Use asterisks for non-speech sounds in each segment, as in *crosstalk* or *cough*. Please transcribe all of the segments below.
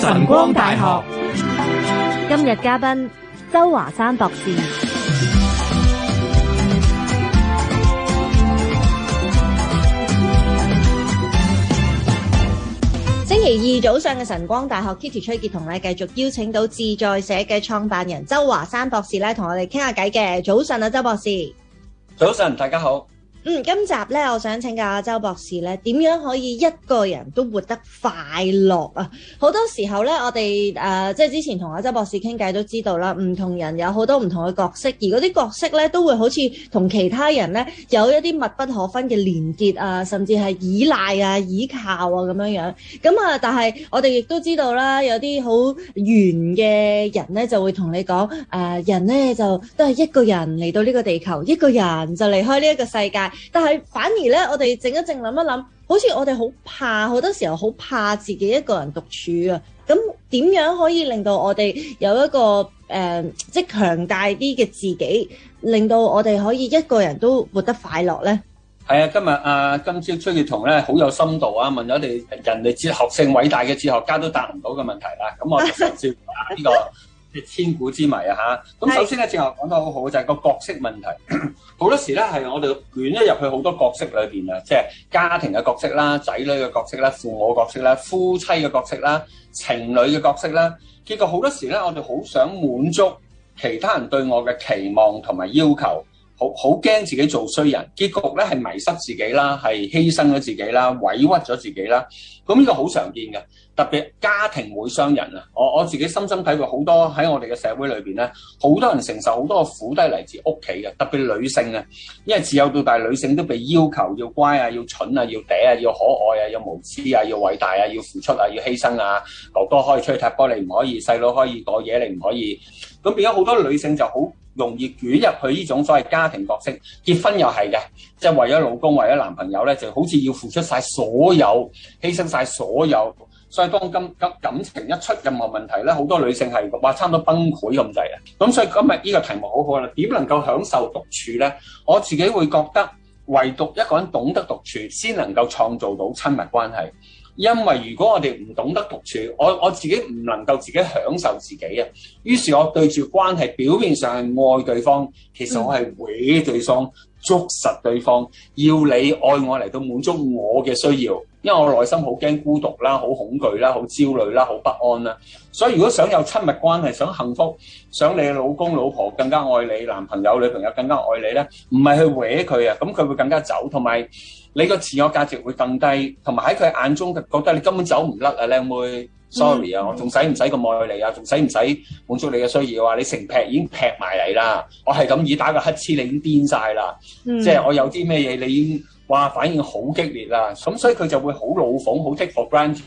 晨光大學今日嘉賓周華山博士。星期二早上嘅晨光大學，Kitty 崔潔同你繼續邀請到志在社嘅創辦人周華山博士咧，同我哋傾下偈嘅。早晨啊，周博士，早晨，大家好。嗯，今集咧，我想請教阿周博士咧，點樣可以一個人都活得快樂啊？好多時候咧，我哋誒、呃、即係之前同阿周博士傾偈都知道啦，唔同人有好多唔同嘅角色，而嗰啲角色咧都會好似同其他人咧有一啲密不可分嘅連結啊，甚至係依賴啊、依靠啊咁樣樣咁啊，但係我哋亦都知道啦，有啲好圓嘅人咧就會同你講誒、呃，人咧就都係一個人嚟到呢個地球，一個人就離開呢一個世界。但係反而咧，我哋靜一靜諗一諗，好似我哋好怕，好多時候好怕自己一個人獨處啊！咁點樣可以令到我哋有一個誒、呃，即係強大啲嘅自己，令到我哋可以一個人都活得快樂咧？係啊，今日啊、呃，今朝崔月彤咧好有深度啊，問咗你，我哋人類哲學性偉大嘅哲學家都答唔到嘅問題啦。咁我哋先接、啊、呢、 *laughs* 這個。即千古之謎啊！吓，咁首先咧，正話講得好好就係個角色問題。好多時咧係我哋捲咗入去好多角色裏邊啊，即係家庭嘅角色啦、仔女嘅角色啦、父母角色啦、夫妻嘅角色啦、情侶嘅角色啦。結果好多時咧，我哋好想滿足其他人對我嘅期望同埋要求。好好驚自己做衰人，結局咧係迷失自己啦，係犧牲咗自己啦，委屈咗自己啦。咁呢個好常見嘅，特別家庭會傷人啊！我我自己深深體會好多喺我哋嘅社會裏面咧，好多人承受好多苦都係嚟自屋企嘅，特別女性啊，因為自幼到大，女性都被要求要乖啊，要蠢啊，要嗲啊，要可愛啊，要無知啊，要偉大啊，要付出啊，要犧牲啊。哥哥可以出去踢波，你唔可以；細佬可以講嘢，你唔可以。咁變咗好多女性就好容易捲入去呢種所謂家庭角色，結婚又係嘅，即係為咗老公，為咗男朋友咧，就好似要付出晒所有，犧牲晒所有，所以當今感感情一出任何問題咧，好多女性係話差唔多崩潰咁滯啊！咁所以今日呢個題目好好啦，點能夠享受獨處呢？我自己會覺得，唯獨一個人懂得獨處，先能夠創造到親密關係。因為如果我哋唔懂得獨處，我我自己唔能夠自己享受自己啊，於是我對住關係，表面上係愛對方，其實我係毀對方。捉實對方，要你愛我嚟，到滿足我嘅需要，因為我內心好驚孤獨啦，好恐懼啦，好焦慮啦，好不安啦。所以如果想有親密關係，想幸福，想你嘅老公、老婆更加愛你，男朋友、女朋友更加愛你呢，唔係去搲佢啊，咁佢會更加走，同埋你個自我價值會更低，同埋喺佢眼中覺得你根本走唔甩啊，靚妹。Sorry、mm-hmm. 啊，我仲使唔使咁愛你啊？仲使唔使滿足你嘅需要啊？你成劈已經劈埋嚟啦！我係咁以打個乞嗤，你已經癲晒啦！Mm-hmm. 即係我有啲咩嘢，你已經哇反應好激烈啦、啊！咁所以佢就會好老奉，好 take for granted，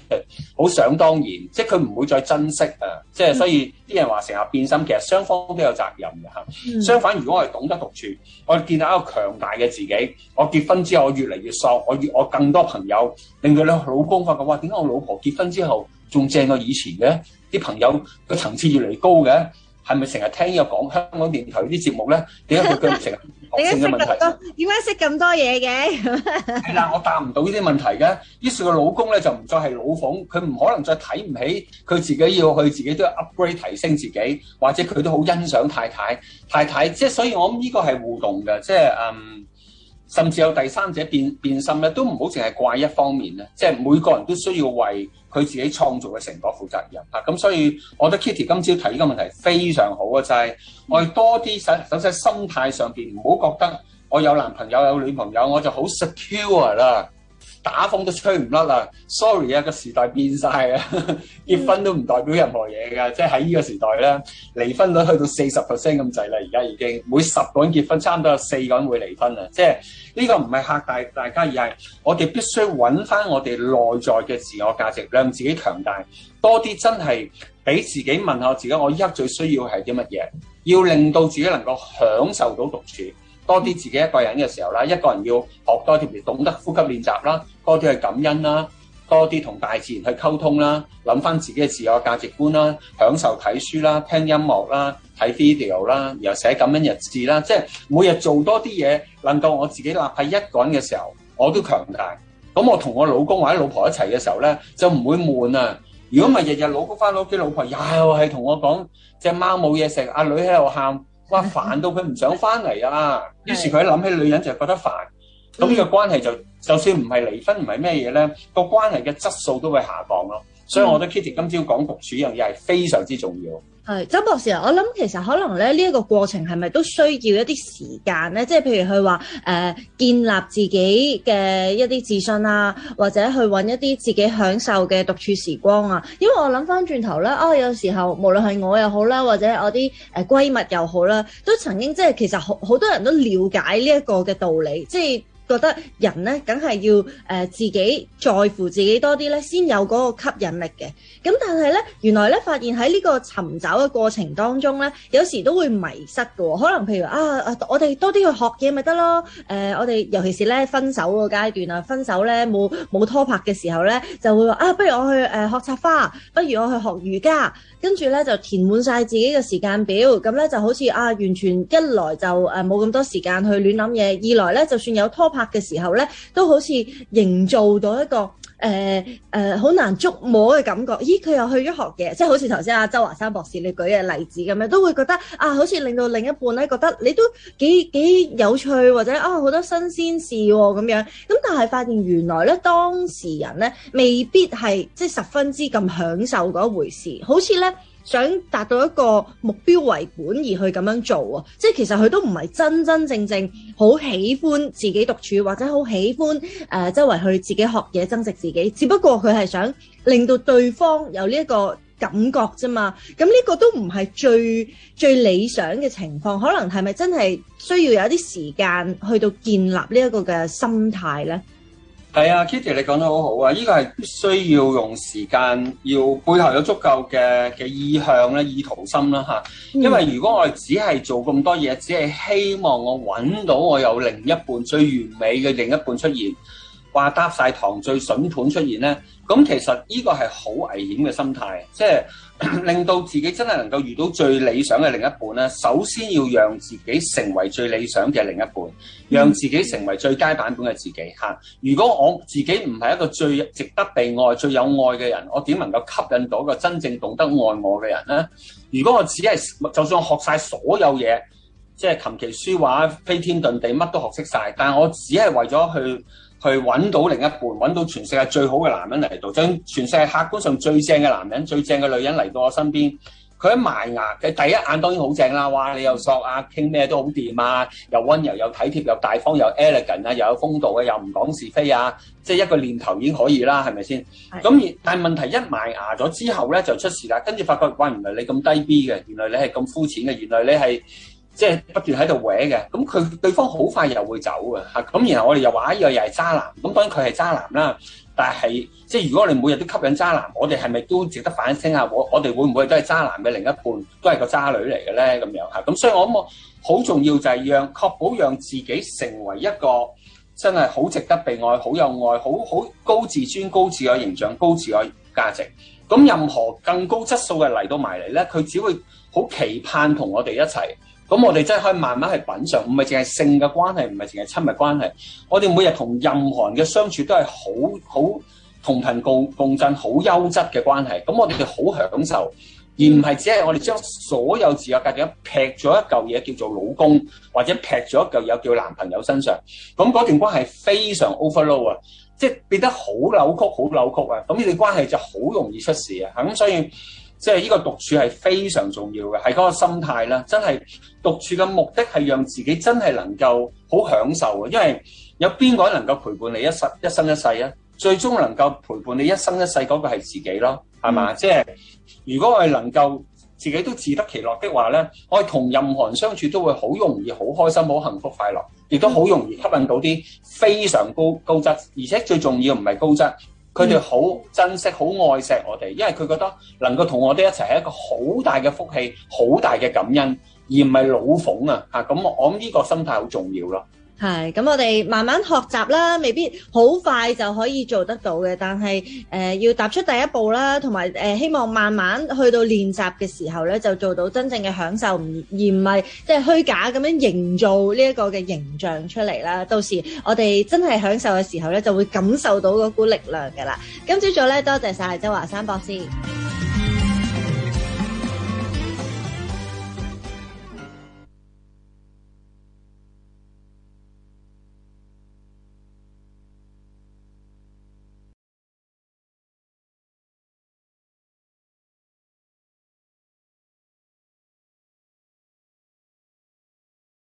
好想當然，即係佢唔會再珍惜啊！Mm-hmm. 即係所以啲人話成日變心，其實雙方都有責任嘅、mm-hmm. 相反，如果我係懂得獨處，我見到一個強大嘅自己。我結婚之後我越越，我越嚟越瘦，我越我更多朋友，令到你老公發覺哇，點解我老婆結婚之後？仲正過以前嘅，啲朋友個層次越嚟越高嘅，係咪成日聽呢個講香港電台啲節目咧？點解佢腳唔成啊？學性嘅問題。點解識咁多嘢嘅？嗱， *laughs* 我答唔到呢啲問題嘅。於是個老公咧就唔再係老奉，佢唔可能再睇唔起佢自己要去，要佢自己都 upgrade 提升自己，或者佢都好欣賞太太。太太即係所以我諗呢個係互動嘅，即係嗯。甚至有第三者變變心咧，都唔好淨係怪一方面咧，即係每個人都需要為佢自己創造嘅成果負責任啊！咁所以，我覺得 Kitty 今朝提呢個問題非常好啊，就係我哋多啲首首先心態上面，唔好覺得我有男朋友有女朋友，我就好 secure 啦。打風都吹唔甩啦！Sorry 啊，個時代變晒啊，結婚都唔代表任何嘢㗎、嗯。即係喺呢個時代咧，離婚率去到四十 percent 咁滯啦。而家已經每十個人結婚，差唔多有四個人會離婚啦。即係呢、呢個唔係嚇大大家，而係我哋必須揾翻我哋內在嘅自我價值，令自己強大多啲。真係俾自己問下自己，我依家最需要係啲乜嘢？要令到自己能夠享受到獨處。多啲自己一個人嘅時候啦，一個人要學多啲，懂得呼吸練習啦，多啲去感恩啦，多啲同大自然去溝通啦，諗翻自己嘅自我價值觀啦，享受睇書啦、聽音樂啦、睇 video 啦，然後寫感恩日誌啦，即係每日做多啲嘢，能夠我自己立喺一個人嘅時候，我都強大。咁我同我老公或者老婆一齊嘅時候呢，就唔會悶啊！如果唔係日日老公翻到屋企，老婆又係同我講隻貓冇嘢食，阿女喺度喊。哇！煩到佢唔想返嚟啊！於是佢一諗起女人就覺得煩，咁呢個關係就就算唔係離婚唔係咩嘢咧，個關係嘅質素都會下降咯。所以，我覺得 Kitty 今朝講獨處呢樣嘢係非常之重要。嗯。係，周博士啊，我諗其實可能咧呢一個過程係咪都需要一啲時間咧？即係譬如佢話誒建立自己嘅一啲自信啊，或者去搵一啲自己享受嘅獨處時光啊。因為我諗返轉頭啦，我、哦、有時候無論係我又好啦，或者我啲誒閨蜜又好啦，都曾經即係其實好好多人都了解呢一個嘅道理，即係。覺得人咧，梗係要誒、呃、自己在乎自己多啲咧，先有嗰個吸引力嘅。咁但係咧，原來咧發現喺呢個尋找嘅過程當中咧，有時都會迷失㗎喎、哦。可能譬如啊，我哋多啲去學嘢咪得咯。誒、呃，我哋尤其是咧分手個階段啊，分手咧冇冇拖拍嘅時候咧，就會話啊，不如我去誒、呃、學插花，不如我去學瑜伽，跟住咧就填滿晒自己嘅時間表。咁咧就好似啊，完全一來就冇咁多時間去亂諗嘢，二來咧就算有拖，拍嘅時候咧，都好似營造到一個誒誒，好、呃呃、難捉摸嘅感覺。咦，佢又去咗學嘅，即係好似頭先啊周華山博士你舉嘅例子咁樣，都會覺得啊，好似令到另一半咧覺得你都幾幾有趣或者啊好多新鮮事咁、啊、樣。咁但係發現原來咧當事人咧未必係即係十分之咁享受嗰一回事，好似咧。想達到一個目標為本而去咁樣做啊，即係其實佢都唔係真真正正好喜歡自己獨處，或者好喜歡誒、呃、周圍去自己學嘢增值自己，只不過佢係想令到對方有呢一個感覺啫嘛。咁呢個都唔係最最理想嘅情況，可能係咪真係需要有啲時間去到建立呢一個嘅心態呢？係啊，Kitty，你講得好好啊！呢個係必須要用時間，要背後有足夠嘅嘅意向咧、意圖心啦，嚇，因為如果我哋只係做咁多嘢，只係希望我揾到我有另一半最完美嘅另一半出現，話搭晒糖最筍盤出現呢，咁其實呢個係好危險嘅心態，即係令到自己真係能夠遇到最理想嘅另一半呢。首先要讓自己成為最理想嘅另一半，讓自己成為最佳版本嘅自己。吓，如果我自己唔係一個最值得被愛、最有愛嘅人，我點能夠吸引到一個真正懂得愛我嘅人呢？如果我只係就算學晒所有嘢，即係琴棋書畫、飛天遁地，乜都學識晒，但我只係為咗去。去揾到另一半，揾到全世界最好嘅男人嚟到，將全世界客觀上最正嘅男人、最正嘅女人嚟到我身邊。佢喺埋牙嘅第一眼當然好正啦，哇！你又索啊，傾咩都好掂啊，又溫柔又體貼又大方又 elegant 啊，又有風度嘅，又唔講是非啊，即係一個念頭已經可以啦，係咪先？咁但係問題一埋牙咗之後咧，就出事啦，跟住發覺喂，原來你咁低 B 嘅，原來你係咁膚淺嘅，原來你係。即係不斷喺度歪嘅，咁佢對方好快又會走嘅嚇。咁然後我哋又話：呢個又係渣男咁，當然佢係渣男啦。但係即係如果我哋每日都吸引渣男，我哋係咪都值得反省下？我我哋會唔會都係渣男嘅另一半，都係個渣女嚟嘅咧？咁樣嚇咁，所以我諗我好重要就係讓確保讓自己成為一個真係好值得被愛、好有愛、好好高自尊、高自我形象、高自我價值。咁任何更高質素嘅嚟到埋嚟咧，佢只會好期盼同我哋一齊。咁我哋真係可以慢慢去品嚐，唔係淨係性嘅關係，唔係淨係親密關係。我哋每日同任何人嘅相處都係好好同頻共共振，好優質嘅關係。咁我哋就好享受，而唔係只係我哋將所有自由格嘅劈咗一嚿嘢叫做老公，或者劈咗一嚿嘢叫做男朋友身上。咁嗰段關係非常 overload 啊，即係變得好扭曲，好扭曲啊！咁你哋關係就好容易出事啊！咁所以。即係呢個獨處係非常重要嘅，係嗰個心態啦。真係獨處嘅目的係讓自己真係能夠好享受嘅，因為有邊個能夠陪伴你一生一生一世啊？最終能夠陪伴你一生一世嗰個係自己咯，係嘛？嗯、即係如果我哋能夠自己都自得其樂的話咧，我哋同任何人相處都會好容易、好開心、好幸福、快樂，亦都好容易吸引到啲非常高高質，而且最重要唔係高質。佢哋好珍惜、好愛錫我哋，因為佢覺得能夠同我哋一齊係一個好大嘅福氣、好大嘅感恩，而唔係老奉啊嚇。咁、啊、我諗呢個心態好重要咯。係，咁我哋慢慢學習啦，未必好快就可以做得到嘅，但係誒要踏出第一步啦，同埋誒希望慢慢去到練習嘅時候咧，就做到真正嘅享受，唔，而唔係即係虛假咁樣營造呢一個嘅形象出嚟啦。到時我哋真係享受嘅時候咧，就會感受到嗰股力量㗎喇。今朝早咧，多謝晒周華山博士。